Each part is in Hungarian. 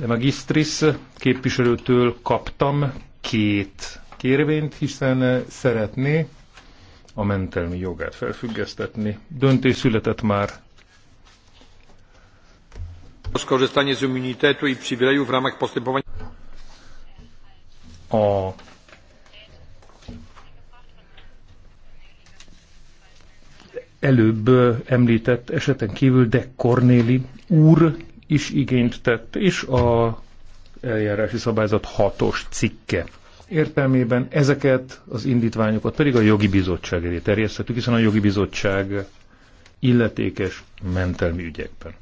de Magistris képviselőtől kaptam két kérvényt, hiszen szeretné a mentelmi jogát felfüggesztetni. Döntés született már. A előbb említett eseten kívül de Kornéli úr is igényt tett, és a eljárási szabályzat hatos cikke értelmében ezeket az indítványokat pedig a jogi bizottság elé terjesztettük, hiszen a jogi bizottság illetékes mentelmi ügyekben.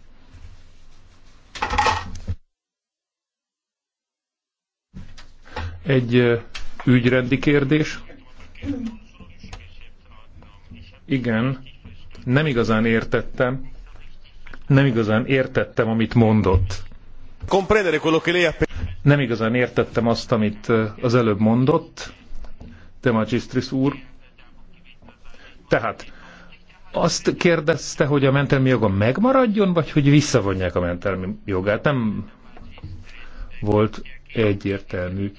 Egy ügyrendi kérdés. Igen, nem igazán értettem, nem igazán értettem, amit mondott. Nem igazán értettem azt, amit eh, az előbb mondott, de Magistris úr. Tehát azt kérdezte, hogy a mentelmi joga megmaradjon, vagy hogy visszavonják a mentelmi jogát. Nem volt egyértelmű.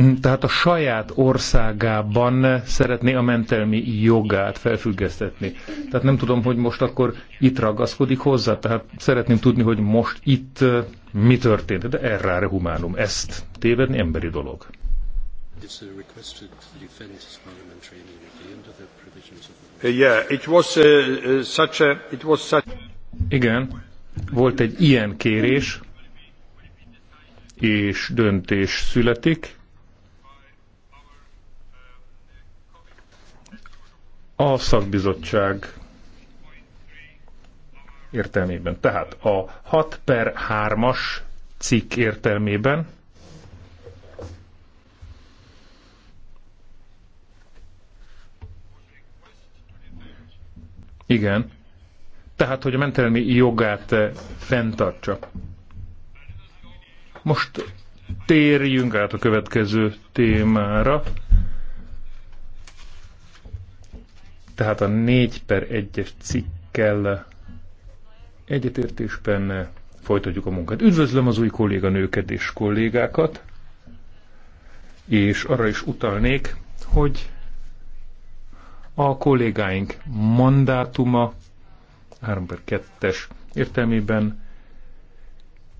Mm, tehát a saját országában szeretné a mentelmi jogát felfüggesztetni. Tehát nem tudom, hogy most akkor itt ragaszkodik hozzá, tehát szeretném tudni, hogy most itt mi történt, de erráre humánum. Ezt tévedni emberi dolog. Uh, uh, Igen, volt egy ilyen kérés, és döntés születik, a szakbizottság értelmében. Tehát a 6 per 3-as cikk értelmében Igen. Tehát, hogy a mentelmi jogát eh, fenntartsa. Most térjünk át a következő témára. tehát a 4 per 1-es cikkel egyetértésben folytatjuk a munkát. Üdvözlöm az új kolléganőket és kollégákat, és arra is utalnék, hogy a kollégáink mandátuma 3 per 2-es értelmében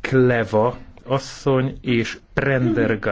Kleva asszony és Prendergast